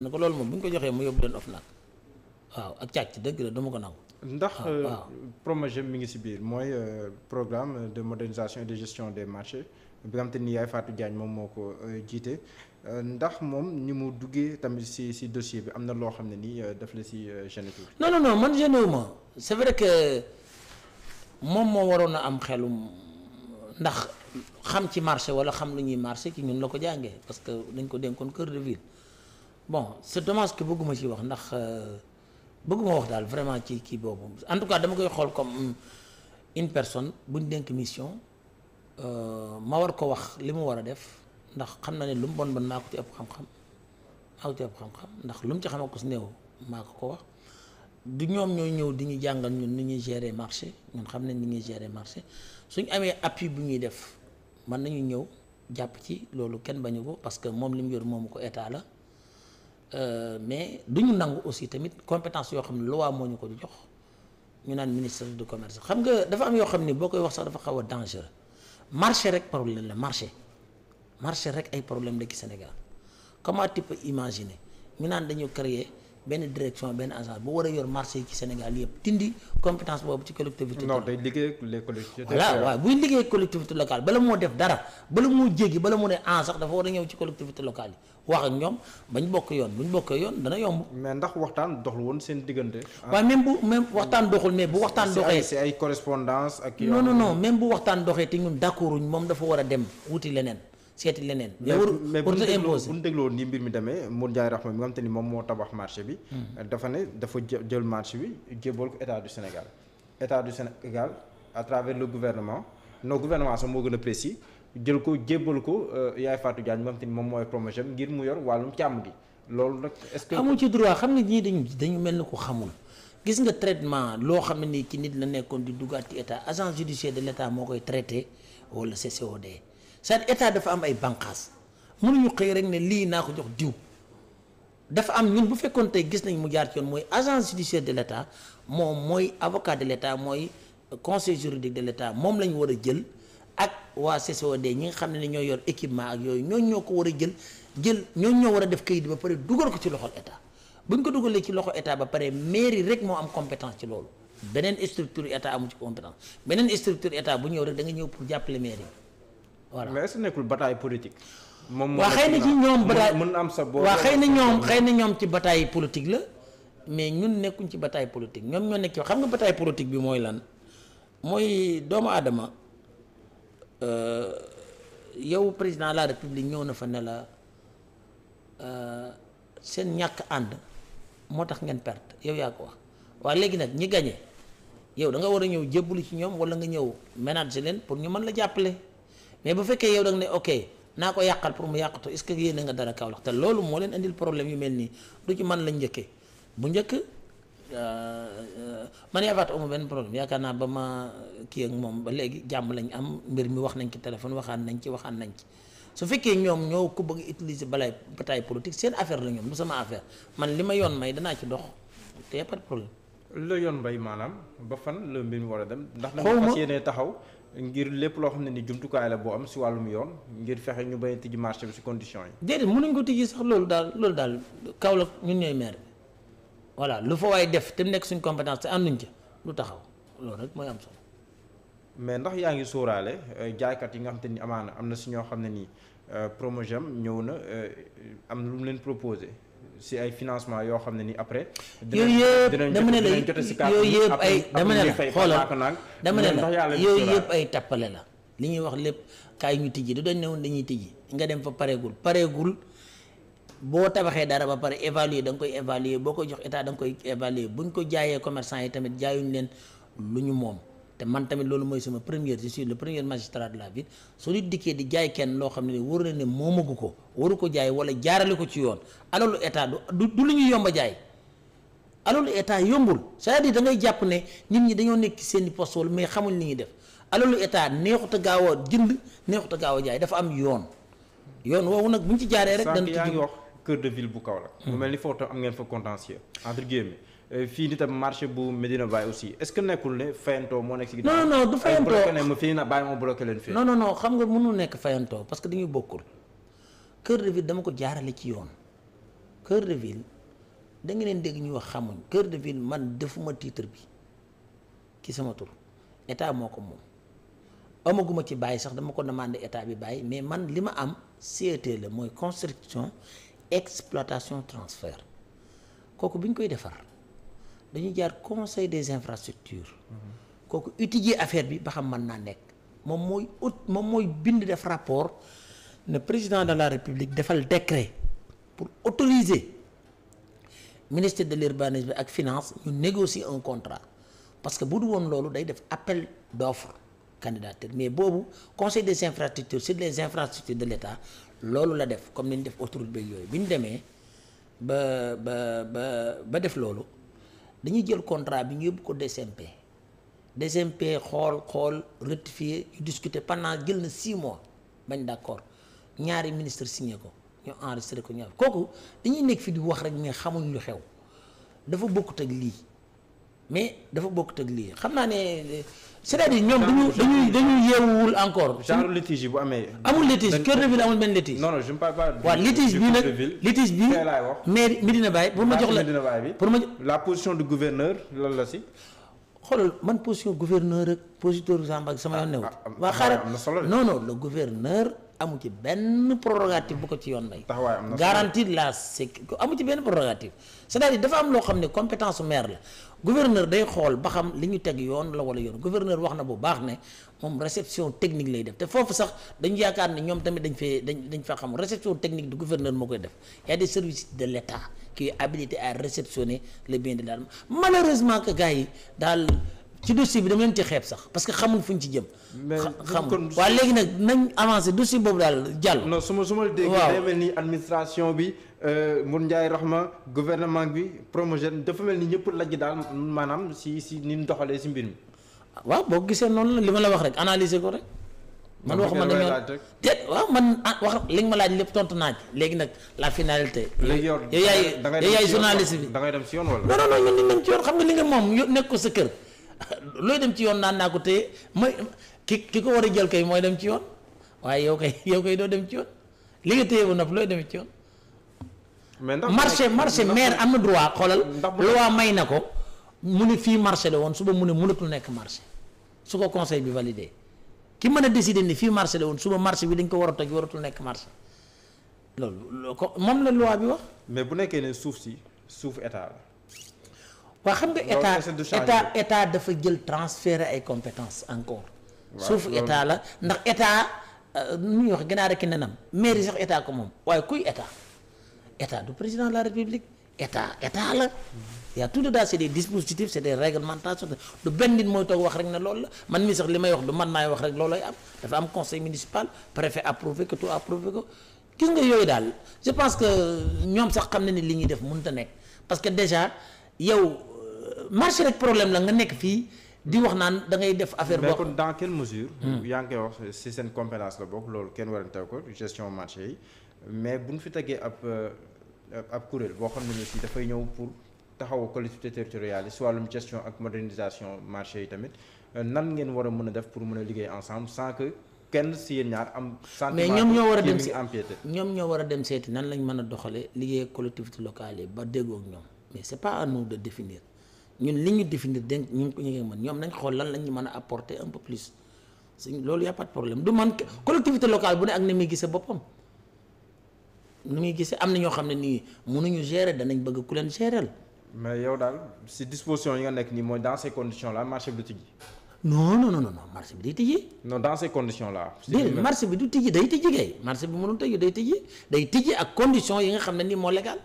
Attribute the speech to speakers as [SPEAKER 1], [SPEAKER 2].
[SPEAKER 1] na ko loolu moom bu ñu ko joxee mu yóbbu leen OFNAC waaw ak càcc dëgg la dama ko nangu.
[SPEAKER 2] ndax euh, PROMOGEM mi ngi si biir mooy euh, programme de modernisation et de gestion des marché bi nga te ni yaay Fatou moom moo ko euh, jiite ndax moom ni mu duggee tamit si si dossier bi am na loo xam ne nii daf la si gêné tuuti.
[SPEAKER 1] non non non man gêné wu ma c'est vrai que moom moo waroon a am xelum ndax xam ci marché wala xam lu ñuy marché ci ñun la ko jàngee parce que dañ ko dénkoon kër de ville. bon c'est dommage que bëgguma ci wax ndax euh, bëgguma wax daal vraiment ci kii boobu en tout cas dama koy xool comme une personne bu ñu dénk mission euh, ma war ko wax li mu war a def ndax xam na ne lu mu bon bon maa ko ci ëpp xam-xam maa ko ndax lu mu ci xamal ko si néew maa ko ko wax du ñoom ñooy ñëw di ñu jàngal ñun ni ñuy gérer marché ñun xam nañ ni ñuy gérer marché suñ amee appui bu ñuy def mën nañu ñëw jàpp ci loolu kenn bañu ko parce que moom li mu yor moomu ko état la Euh, mais du ñu nangu aussi tamit compétence yoo xam ne loi moo ñu ko jox ñu naan ministre du commerce xam nga dafa am yoo xam ni boo koy wax sax dafa xaw a dangereux marché rek problème la marché marché rek ay problème la Sénégal comment tu peux ñu naan dañu créer benn direction benn agence bu war a yor marché yi ci Sénégal yëpp dindi compétence boobu ci collectivité. non day liggéey ak les collectivités. voilà buy liggéey collectivité locale bala moo def dara bala moo jéggi bala mu ne en ah, sax dafa war a ñëw ci collectivité locale yi wax ak ñoom bañ bokk yoon buñ bokkee yoon dana yomb. mais ndax waxtaan doxul woon seen diggante. waaw ah. même bu même waxtaan doxul mais bu
[SPEAKER 2] waxtaan. doxee c'est
[SPEAKER 1] ay correspondance ak. non non non même bu waxtaan doxee te ñun d'accorduñ moom dafa war a dem wuti leneen. seeti leneen. mais bu ñu
[SPEAKER 2] dégloo ni mbir mi demee Modou Ndiaye Rahma mi nga xam ni moom moo tabax marché bi. Hmm. dafa ne dafa jël marché bi jébal ko état du Sénégal état du Sénégal à travers le gouvernement noo gouvernement sax moo gën a précis jël ko jébal ko euh, Yaay Fatou Diagne mi nga xam ni moom mooy promotion ngir mu yor wàllum càmm gi loolu nag. est-ce
[SPEAKER 1] que amul ci droit xam ne ñii dañu dañu mel ni ko xamul. gis nga traitement loo xam ne nii ci nit la nekkoon di duggaat ci état agence judiciaire de l' état moo koy traité wala CCOD cest à état dafa am ay bànqaas ñu xëy rek ne lii naa ko jox diw dafa am ñun bu fekkoon tey gis nañ mu jaar ci yoon mooy agence judiciaire de l'état moom mooy avocat de l'état mooy conseil juridique de l'état moom la ñu war a jël ak waa CCOD ñi nga xam ne ñoo yor équipement ak yooyu ñooñ ñoo ko war a jël jël ñooñ ñoo war a def kayit ba pare dugal ko ci loxol état bu ñu ko dugalee ci loxo état ba pare mairie rek moo am compétence ci loolu beneen structure état amu ci compétence beneen structure état bu ñëw re da ñëw pour jàppale mairie voilà mais est nekkul bataille politique. moom moo xëy na ñoom bataille mën am sa boo. waaw xëy na ñoom xëy na ñoom ci bataille politique la mais ñun nekkuñ ci bataille politique ñoom ñoo nekk yow xam nga bataille bi mooy lan mooy doomu aadama euh, yow président de la république ñëw na fa ne la euh, seen ñàkk ànd moo tax ngeen perte yow yaa ko wax waaye léegi nag ñi gañe yow da nga war a ñëw jébbalu ci ñoom wala nga ñëw ménager leen pour ñu mën la jàppale. mais bu fekkee yow da nga ne ok naa ko yàqal pour mu yàqatu est ce que yéene nga dara Kaolack te loolu moo leen indil problème yu mel nii du ci man lañ njëkkee bu njëkk euh, euh, man yaakaar amu benn problème yaakaar naa ba ma kii ak moom ba léegi jàmm lañ am mbir mi wax nañ ci téléphone waxaan nañ ci waxaan nañ ci. su fekkee ñoom ñoo ko bëgg utiliser balay bataille politique seen affaire la ñoom du sama affaire man li ma yoon may danaa ci dox te pas de yoon may maanaam ba
[SPEAKER 2] fan la mi war a dem. ndax da nga fas yéene taxaw. ngir lépp loo xam ne ni jumtukaay la boo am si wàllum yoon
[SPEAKER 1] ngir fexe ñu bañ a tijji marché bi si condition yi. déedéet mënuñ ko tijji sax loolu daal loolu daal Kaolack ñun ñooy maire voilà lu fa waay def te mu nekk suñ compétence te ànduñ ca lu taxaw
[SPEAKER 2] loolu rek mooy am solo. mais ndax yaa ngi sóoraale euh, jaaykat yi nga xam te ni amaana am na si ñoo xam ne nii euh, Promogem ñëw na euh, am lu mu leen proposé. si ay financement yoo xam ne ni après. yooyu yëpp dama ne la yooyu yëpp ay dama ne la xoolal
[SPEAKER 1] dama ne la yooyu yëpp ay tappale la. li ñuy wax lépp kaay ñu tijji du dañ ne woon dañuy tijji nga dem fa pareegul pareegul boo tabaxee dara ba pare évaluer da nga koy évaluer boo koy jox état da nga koy évaluer buñ ko jaayee commerçant yi tamit jaayuñ leen lu ñu moom. te man tamit loolu mooy sama première si suis le premier magistrat de la ville soo di dikkee di jaay kenn loo xam ne wóor na ne moomagu ko waru ko jaay wala jaarale ko ci yoon alalu état du du lu ñu yomba jaay alalu état yombul sa à dire da jàpp ne nit ñi dañoo nekk seen i poste wala mais xamuñ li ñuy def alalu état neexut a gaaw a jënd neexut a gaaw a jaay dafa am yoon yoon woowu nag ñu ci jaaree rek. dana ci
[SPEAKER 2] cœur de ville bu Kaolack. Hmm. mu mel ni foofu tam am ngeen fa contentieux Euh, fii nitam marché bu Medina Baye aussi est-ce que nekkul ne fayantoo moo nekk si ginnaaw. non non du fayantoo ay bloqué ne ma fii na bàyyi ma bloqué
[SPEAKER 1] xam nga mënul nekk fayantoo parce que dañuy bokkul cœur de dama ko jaarale ci yoon kër de danga leen dégg ñuy wax xamuñ kër de ville man defuma tiitre bi ki sama tur état moo ko moom amaguma ci bàyyi sax dama ko demandé état bi bàyyi mais man li ma am CET la mooy construction exploitation transfert kooku bi ñu koy defar. dañuy jaar conseil des infrastructures kooku étudier affaire bi ba xam man naa nekk moom mooy moom mooy bind def rapport ne président de la république defal décret pour autoriser ministère de l'urbanisme ak finance ñu négocier un contrat parce que bu du woon loolu day def appel d'offre candidature mais boobu conseil des infrastructures sur des infrastructures de l'État loolu la def comme ni ñu def autoroute beeg yooyu bi ñu demee ba ba ba ba def loolu dañuy jël contrat bi ñu yóbbu ko DCMP DCMP xool xool rectifier yu discuter pendant jël na 6 mois bañ d'accord ñaari ministre signé ko ñu enregistré ko kooku dañuy nekk fi di wax rek mais xamuñ lu xew dafa bokkut ak lii. mais dafa bokk ak lii xam naa ne c'est-à-dire ñoom dañu dañuy dañuy yeewuwul encore. genre litige bu amee.
[SPEAKER 2] amul litige cœur de ville amul benn litige. non non je ne parle pas. waaw litige bi nag litige bi mais Medina Baye pour ma jox la pour la position du gouverneur lan la si. xoolal man
[SPEAKER 1] position gouverneur ak positeur Samba ak sama yoon ah, new. Ah, waa ah, xaaral non non le gouverneur. amu ci benn prérogative bu ko ci yoon may garantir la sécurité amu ci benn prérogative cest à dafa am loo xam ne compétence maire la gouverneur day xool ba xam li ñu teg yoon la wala yoon gouverneur wax na bu baax ne moom réception technique lay def te foofu sax dañu yaakaar ne ñoom tamit dañ fee dañ dañ faa xam réception technique du gouverneur moo koy def y a des services de l'État qui est habilité à réceptionner le bien de l'Allemagne malheureusement que gars yi daal ci dossier bi dama leen ci xeeb sax parce que xamul fuñ ci jëm. xamul waaye léegi nag nañ avancé dossier boobu daal jàll.
[SPEAKER 2] non su ma su ma déggee day mel ni administration bi euh, Mour Ndiaye Rahma gouvernement bi Promogène dafa mel ni ñëpp lajj daal maanaam si si ni doxalee si mbir mi.
[SPEAKER 1] Ah, waaw boo gisee noonu la li ma la wax rek analyser ko ma déet waaw man ah, ma laaj lépp tontu naaj léegi nag la finalité. léegi yow da yaay journaliste
[SPEAKER 2] bi. da dem si yoon wala.
[SPEAKER 1] non non ñun ci yoon xam nga li nga moom nekk ko sa kër. looy dem ci yoon naan naa ko téye may ki ki ko war a jël kay mooy dem ci yoon waaye yow kay yow kay doo dem ci yoon li nga téye ba noppi looy dem ci yoon.
[SPEAKER 2] mais ndax marché
[SPEAKER 1] marché maire am na droit xoolal. loi may na ko mu ne fii marché la woon suba mu ne mënatul nekk marché su ko conseil bi validé ki mën a décider ni fii marché la woon suba marché bi dañ ko war a toj waratul nekk marché loolu moom la loi bi wax. mais bu nekkee ne suuf
[SPEAKER 2] si suuf état la. waa xam nga état
[SPEAKER 1] état dafa jël transférer ay compétences encore. suufu état la ndax état euh, nu ñuy wax ganaar ak nenam mairie sax état ko moom waaye kuy état état du président de la république état état la. y a tout le temps c'est des dispositifs c'est des réglementations du benn nit mooy toog wax rek ne lool la man mii sax li may wax du man maay wax rek loolay am dafa am conseil municipal préfet approuvé que tout approuvé ko gis nga yooyu daal je pense que ñoom sax xam na ni li ñuy def mënut nekk marché rek problème la nga nekk fii di wax naan da ngay def affaire boo kon
[SPEAKER 2] dans quelle mesure hmm. yaa ngi koy wax si seen compétence la bokk loolu kenn warante ko gestion marché yi mais bu ñu fi tegee ab euh, ab kuréel boo xam ne ni si dafay ñëw pour taxaw collectivité territoriale yi si wàllum gestion ak modernisation marché yi tamit euh, nan ngeen war a mun a def pour mun a liggéey ensemble sans que kenn si yéen ñaar am sentiment mais ñoom ñoo war a dem
[SPEAKER 1] empiété ñoom ñoo war a dem nan lañ mën a doxale liggéey collectivité locale yi ba déggoo ak ñoom mais de définir ñun li ñu définir dañ ñu ngi ñu ngi mën ñoom nañ xool lan la ñu mën a apporter un peu plus loolu y' a de problème du man collectivité locale bu ne ak ni muy gisee boppam ni muy gisee am na ñoo xam ne nii mënuñu gérer danañ
[SPEAKER 2] bëgg ku leen gérer. mais yow daal si disposition yi nga nekk nii mooy dans condition conditions là marché bi du tijji.
[SPEAKER 1] non non non non marché bi day tijji. non dans ces conditions là. marché bi du tijji day tijji ak conditions yi nga xam ne nii moo légal.